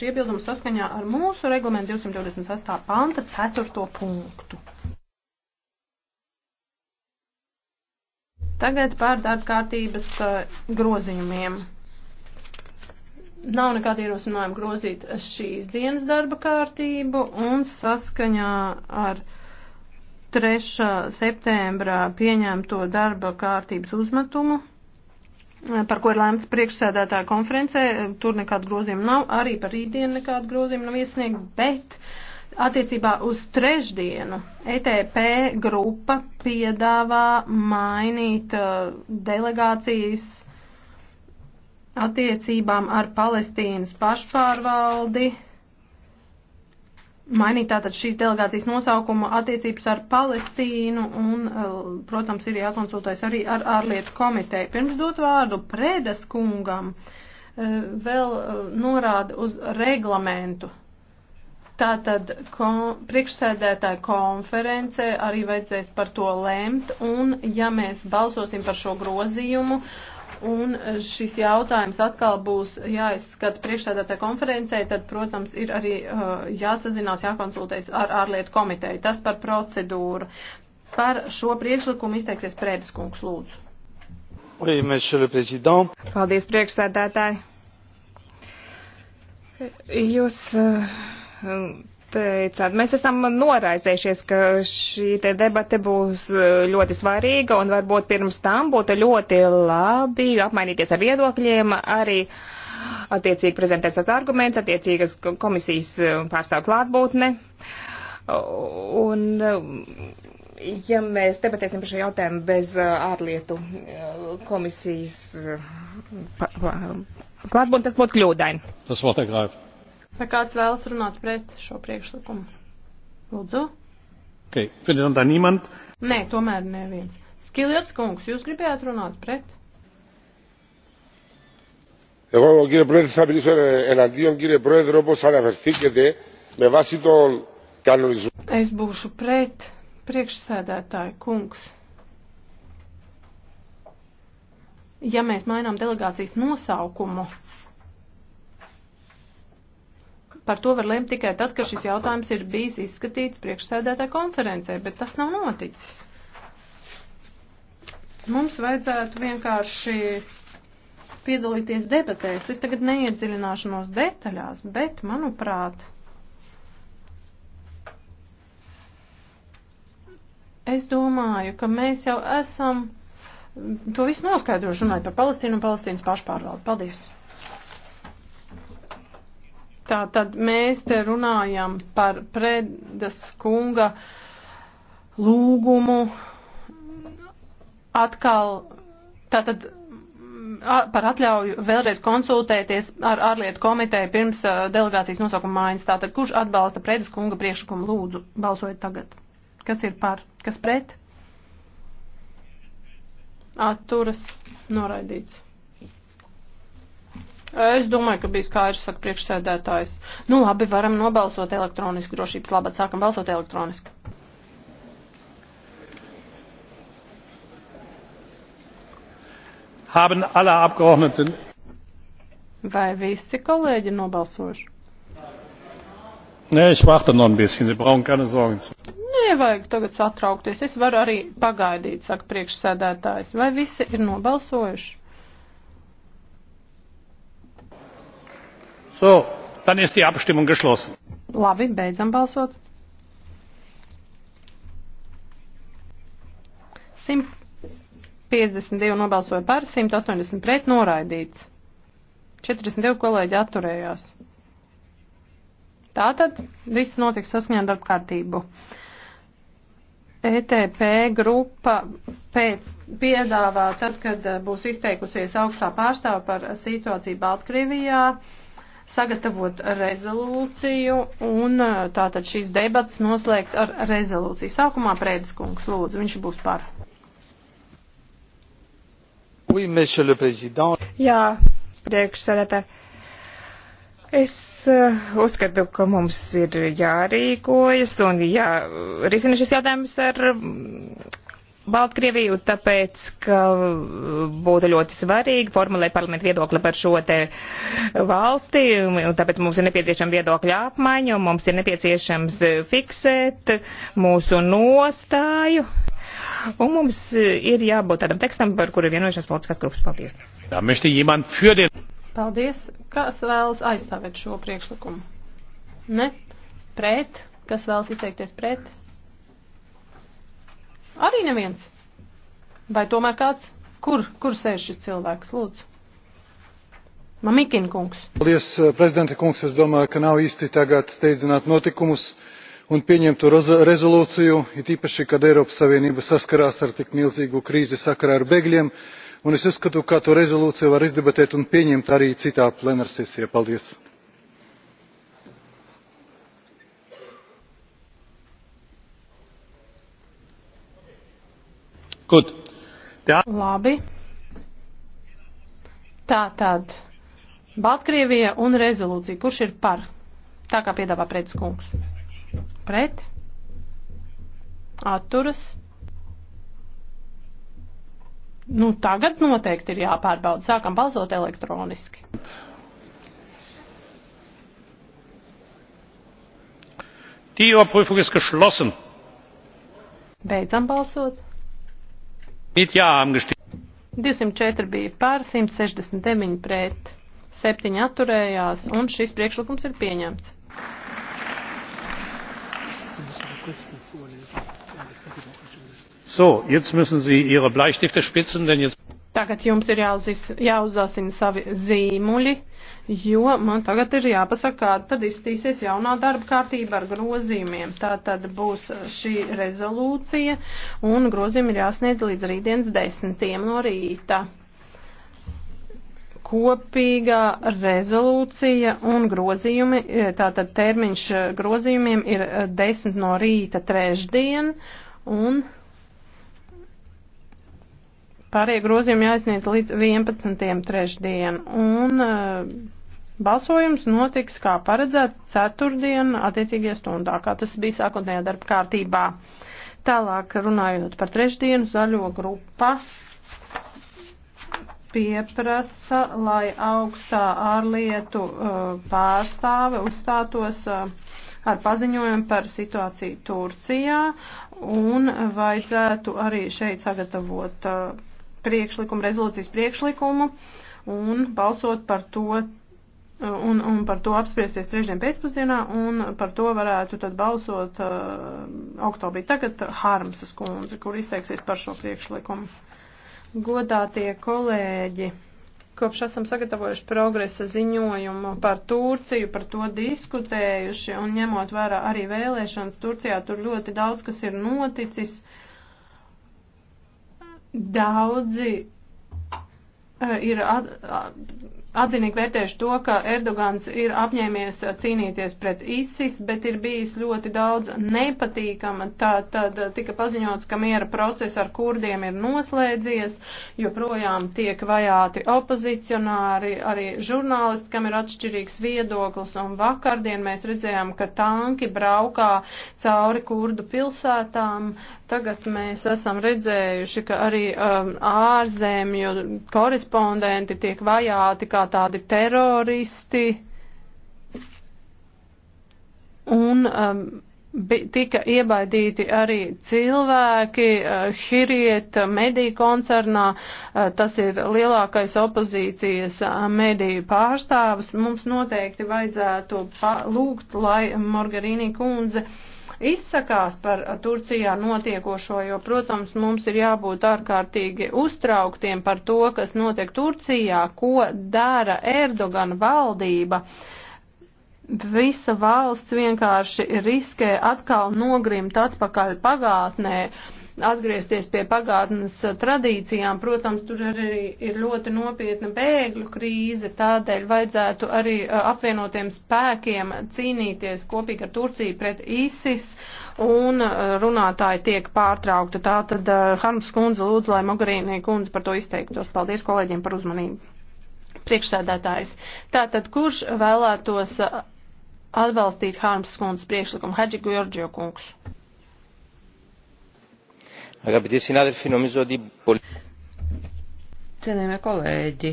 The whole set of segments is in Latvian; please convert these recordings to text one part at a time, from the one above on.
šī iebilduma saskaņā ar mūsu reglamentu 228. panta 4. punktu. Tagad par darbkārtības eh, grozījumiem. Nav nekāda ierosinājuma grozīt šīs dienas darba kārtību un saskaņā ar 3. septembra pieņemto darba kārtības uzmetumu par ko ir lēmts priekšsēdētāja konferencē, tur nekāda grozījuma nav, arī par rītdienu nekāda grozījuma nav iesniegta, bet attiecībā uz trešdienu ETP grupa piedāvā mainīt uh, delegācijas attiecībām ar Palestīnas pašpārvaldi mainīt tātad šīs delegācijas nosaukuma attiecības ar Palestīnu un, e, protams, ir jākonsultējas arī ar ārlietu komiteju. Pirms dot vārdu Prēdas kungam e, vēl e, norāda uz reglamentu. Tātad kon, priekšsēdētāja konference arī vajadzēs par to lemt, un ja mēs balsosim par šo grozījumu, uh, un šis jautājums atkal būs jāizskata priekšstādātā konferencē, tad, protams, ir arī uh, jāsazinās, jākonsultējas ar ārlietu komiteju. Tas par procedūru. Par šo priekšlikumu izteiksies Prēdes kungs, lūdzu. Oui, Paldies, priekšsēdētāji. Jūs uh, teicāt, mēs esam noraizējušies, ka šī te debate būs e, ļoti svarīga un varbūt pirms tam būtu ļoti labi apmainīties ar viedokļiem, arī attiecīgi prezentēts arguments, attiecīgas komisijas e, pārstāv klātbūtne. Un, e, ja mēs debatēsim par šo jautājumu bez ārlietu komisijas klātbūtnes, tas būtu kļūdaini. Tas vēl te grāvi. Vai kāds vēlas runāt pret šo priekšlikumu? Lūdzu. Okay. Nē, tomēr neviens. Skiljots kungs, jūs gribējāt runāt pret? Εγώ, κύριε Πρόεδρε, θα μιλήσω εναντίον, κύριε Πρόεδρε, όπως αναφερθήκετε, με βάση τον κανονισμό. Es būšu pret, priekšsēdētāji kungs. Ja mēs mainām delegācijas nosaukumu, par to var lemt tikai tad, ka šis jautājums ir bijis izskatīts priekšsēdētāja konferencē, bet tas nav noticis. Mums vajadzētu vienkārši piedalīties debatēs. Es tagad neiedziļināšanos detaļās, bet, manuprāt, es domāju, ka mēs jau esam to visu noskaidrojuši, runājot par Palestīnu un Palestīnas pašpārvaldu. Paldies! Tā tad mēs te runājam par Predas kunga lūgumu atkal, tātad par atļauju vēlreiz konsultēties ar ārlietu komiteju pirms delegācijas nosaukuma mājas. Tātad, kurš atbalsta Predas kunga priekšlikumu lūdzu, balsojiet tagad. Kas ir par? Kas pret? Atturas noraidīts. Es domāju, ka bija skaidrs, saka priekšsēdētājs. Nu labi, varam nobalsot elektroniski drošības labad. Sākam balsot elektroniski. Haben alle Abgeordneten. Vai visi kolēģi nobalsojuši? Nē, es warte noch ein bisschen, Sie brauchen keine Sorgen zu. Nevajag tagad satraukties, es varu arī pagaidīt, saka priekšsēdētājs. Vai visi ir nobalsojuši? So, dann ist die Abstimmung geschlossen. Labi, beidzam balsot. 152 nobalsoja par, 180 pret noraidīts. 42 kolēģi atturējās. Tātad viss notiks saskaņā darba kārtību. ETP grupa pēc piedāvā, tad, kad eh, būs izteikusies augstā pārstāva par situāciju Baltkrievijā, sagatavot rezolūciju un eh, tātad šīs debatas noslēgt ar rezolūciju. Sākumā Prēdes kungs lūdzu, viņš būs par. Oui, Jā, priekšsēdētāji. Es eh, uzskatu, ka mums ir jārīkojas un jārisina šis jautājums ar Baltkrieviju, tāpēc, ka būtu ļoti svarīgi formulēt parlamentu viedokli par šo te valsti, un tāpēc mums ir nepieciešama viedokļa apmaiņa, un mums ir nepieciešams fiksēt mūsu nostāju, un mums ir jābūt tādam tekstam, par kuru vienojušās politiskās grupas. Paldies! Paldies! Kas vēlas aizstāvēt šo priekšlikumu? Ne? Pret? Kas vēlas izteikties pret? Arī neviens. Vai tomēr kāds? Kur, kur sēž šis cilvēks, lūdzu? Mamikina kungs. Paldies, eh, prezidenta kungs. Es domāju, ka nav īsti tagad steidzināt notikumus un pieņemtu rezolūciju, it īpaši, kad Eiropas Savienība saskarās ar tik milzīgu krīzi sakarā ar bēgļiem. Un es uzskatu, ka to rezolūciju var izdebatēt un pieņemt arī citā plenārsesijā. Paldies! Gut. Tā. Labi. Tā tad. Baltkrievija un rezolūcija. Kurš ir par? Tā kā piedāvā pretis kungs. Pret. Atturas. Nu, tagad noteikti ir jāpārbauda. Sākam balsot elektroniski. Die Überprüfung ist geschlossen. Beidzam balsot. Mit jā, amgestīt. 204 bija pār, 169 pret, 7 atturējās, un šis priekšlikums ir pieņemts. So, jetzt müssen Sie Ihre Bleistifte spitzen, denn jetzt. Tagad jums ir jāuzis, jāuzasina savi zīmuļi, jo man tagad ir jāpasaka, kāda tad izstīsies jaunā darba kārtība ar grozījumiem. Tā tad būs šī rezolūcija, un grozījumi ir jāsniedz līdz rītdienas desmitiem no rīta. Kopīgā rezolūcija un grozījumi, e, tātad termiņš grozījumiem ir 10 e, no rīta trešdien, un Pārējie grozījumi jāizniedz līdz 11. trešdien. Un uh, balsojums notiks, kā paredzēt, ceturtdien attiecīgajā stundā, kā tas bija sākotnējā darba kārtībā. Tālāk runājot par trešdienu, zaļo grupa pieprasa, lai augstā ārlietu uh, pārstāve uzstātos uh, ar paziņojumu par situāciju Turcijā un vajadzētu arī šeit sagatavot uh, priekšlikumu, rezolūcijas priekšlikumu un balsot par to un, un par to apspriesties trešdien pēcpusdienā un par to varētu tad balsot uh, oktobrī. Tagad Harmsas kundze, kur izteiksies par šo priekšlikumu. Godātie kolēģi! kopš esam sagatavojuši progresa ziņojumu par Turciju, par to diskutējuši un ņemot vērā arī vēlēšanas Turcijā, tur ļoti daudz kas ir noticis. Uh, Daudzi eh, ir at, at, Atzinīgi vērtēšu to, ka Erdogans ir apņēmies cīnīties pret ISIS, bet ir bijis ļoti daudz nepatīkama. Tā tad tika paziņots, ka miera process ar kurdiem ir noslēdzies, joprojām tiek vajāti opozicionāri, arī žurnālisti, kam ir atšķirīgs viedoklis. Un vakardien mēs redzējām, ka tanki braukā cauri kurdu pilsētām. Tagad mēs esam redzējuši, ka arī um, ārzemju korespondenti tiek vajāti kā kā tādi teroristi un um, tika iebaidīti arī cilvēki uh, Hiriet mediju koncernā, uh, tas ir lielākais opozīcijas uh, mediju pārstāvis. Mums noteikti vajadzētu lūgt, lai Margarīni kundze uh, izsakās par Turcijā notiekošo, jo, protams, mums ir jābūt ārkārtīgi uztrauktiem par to, kas notiek Turcijā, ko dara Erdogana valdība visa valsts vienkārši riskē atkal nogrimt atpakaļ pagātnē atgriezties pie pagātnes uh, tradīcijām. Protams, tur arī ir ļoti nopietna bēgļu krīze, tādēļ vajadzētu arī uh, apvienotiem spēkiem cīnīties kopīgi ar Turciju pret ISIS, un uh, runātāji tiek pārtraukta. Tātad Harms kundze lūdzu, lai Mogarīnī kundze par to izteiktos. Paldies kolēģiem par uzmanību. Priekšsēdētājs. Tātad, kurš vēlētos atbalstīt Harms kundzes priekšlikumu? Hadži Georgio kungs. Cienījamie kolēģi,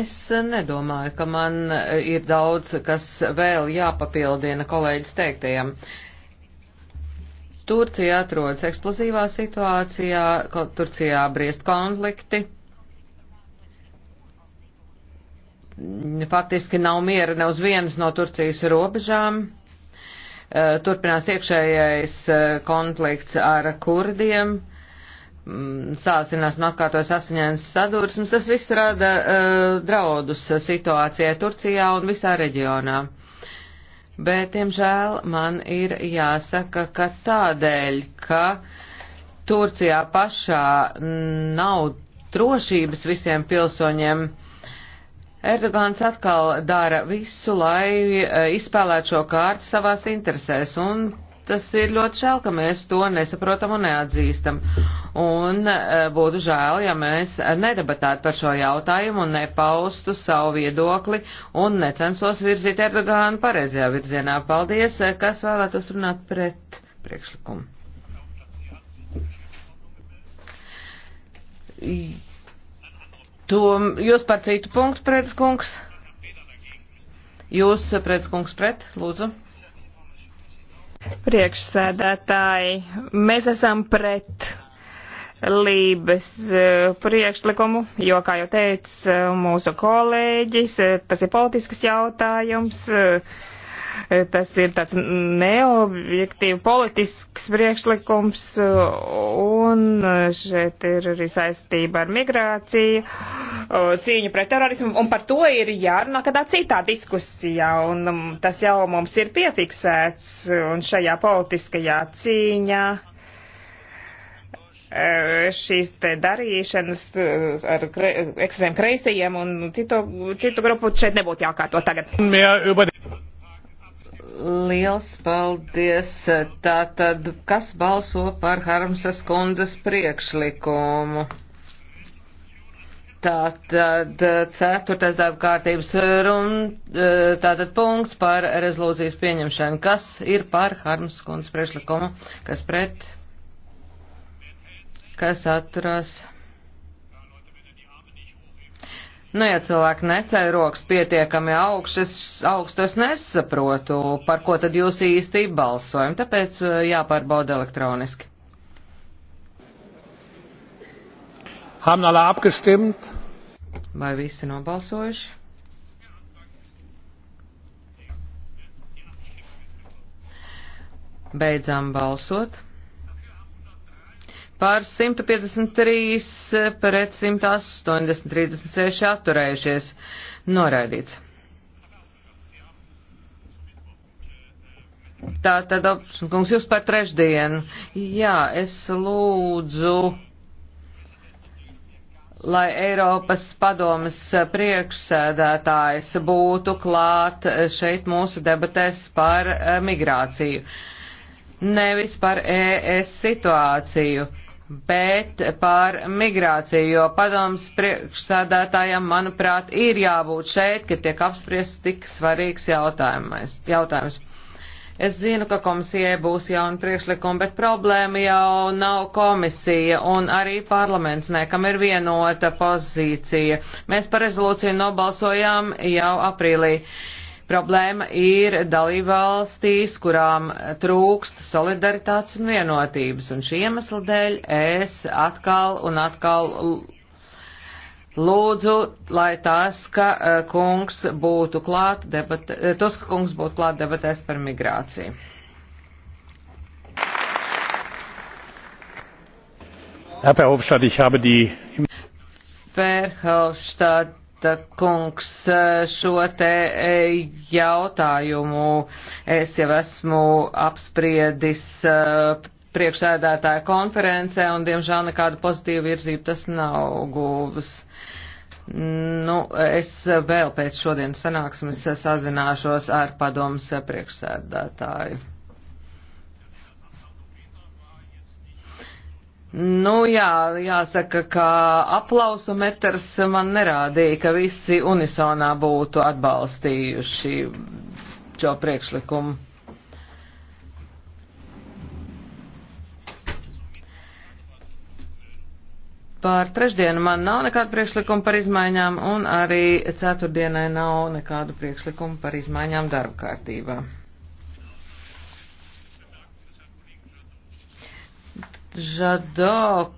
es nedomāju, ka man eh, ir daudz, kas vēl jāpapildina kolēģis teiktajam. Turcija atrodas eksplozīvā situācijā, Turcijā briest konflikti. Faktiski nav miera ne uz vienas no Turcijas robežām. Eh, turpinās iekšējais eh, konflikts ar kurdiem. Mm, sāsinās un atkārtojas asiņainas sadursmes, tas viss rada uh, draudus situācijai Turcijā un visā reģionā. Bet, diemžēl, man ir jāsaka, ka tādēļ, ka Turcijā pašā nav drošības visiem pilsoņiem, Erdogans atkal dara visu, lai uh, izspēlētu šo kārtu savās interesēs, un tas ir ļoti žēl, ka mēs to nesaprotam un neatzīstam. Un e, būtu žēl, ja mēs nedebatētu par šo jautājumu un nepaustu savu viedokli un necensos virzīt Erdogānu pareizajā virzienā. Paldies, e, kas vēlētos runāt pret priekšlikumu. To, jūs par citu punktu, Prēdas kungs? Jūs, Prēdas kungs, pret, lūdzu. Priekšsēdētāji, mēs esam pret lības eh, priekšlikumu, jo, kā jau teica eh, mūsu kolēģis, eh, tas ir politisks jautājums. Uh, Tas ir tāds neobjektīvi politisks priekšlikums, un šeit ir arī saistība ar migrāciju, cīņu pret terorismu, un par to ir jārunā kādā citā diskusijā, un um, tas jau mums ir piefiksēts, un šajā politiskajā cīņā e, šīs te darīšanas e, ar ekstrēm kreisajiem un citu, citu grupu šeit nebūtu jākārto tagad. Liels paldies! Tātad, kas balso par Harmsas kundas priekšlikumu? Tātad ceturtais darba kārtības runa, tātad punkts par rezolūcijas pieņemšanu. Kas ir par Harmas kundas priekšlikumu? Kas pret? Kas atturās? Nu, ja cilvēki necēl rokas pietiekami augšas, augstu, es nesaprotu, par ko tad jūs īsti balsojam, tāpēc eh, jāpārbauda elektroniski. Haben alle abgestimmt? Vai visi nobalsojuši? Beidzām balsot par 153 pret 180, 36 atturējušies. Noraidīts. Tā tad, kungs, jūs par trešdienu. Jā, es lūdzu, lai Eiropas padomas priekšsēdētājs būtu klāt šeit mūsu debatēs par eh, migrāciju, nevis par ES situāciju bet pār migrāciju, jo padoms priekšsādātājiem, manuprāt, ir jābūt šeit, ka tiek apspriests tik svarīgs jautājums. Es zinu, ka komisijai būs jauni priekšlikumi, bet problēma jau nav komisija un arī parlaments, ne, kam ir vienota pozīcija. Mēs par rezolūciju nobalsojām jau aprīlī. Uh, Problēma ir dalībvalstīs, kurām trūkst solidaritātes un vienotības, un šī iemesla dēļ es atkal un atkal lūdzu, lai tas, ka eh, kungs būtu klāt debat, eh, tos, ka kungs būtu klāt debatēs par migrāciju. Herr Verhofstadt, ich habe die Verhofstadt kungs, eh, šo te eh, jautājumu es jau esmu apspriedis eh, priekšsēdētāja konferencē, un diemžēl nekādu pozitīvu virzību tas nav guvis. Nu, es vēl pēc šodienas sanāksmes sazināšos ar padomus priekšsēdētāju. Nu jā, jāsaka, ka aplausu metrs man nerādīja, ka visi unisonā būtu atbalstījuši šo priekšlikumu. Par trešdienu man nav nekādu priekšlikumu par izmaiņām, un arī ceturtdienai nav nekādu priekšlikumu par izmaiņām darba kārtībā. Žado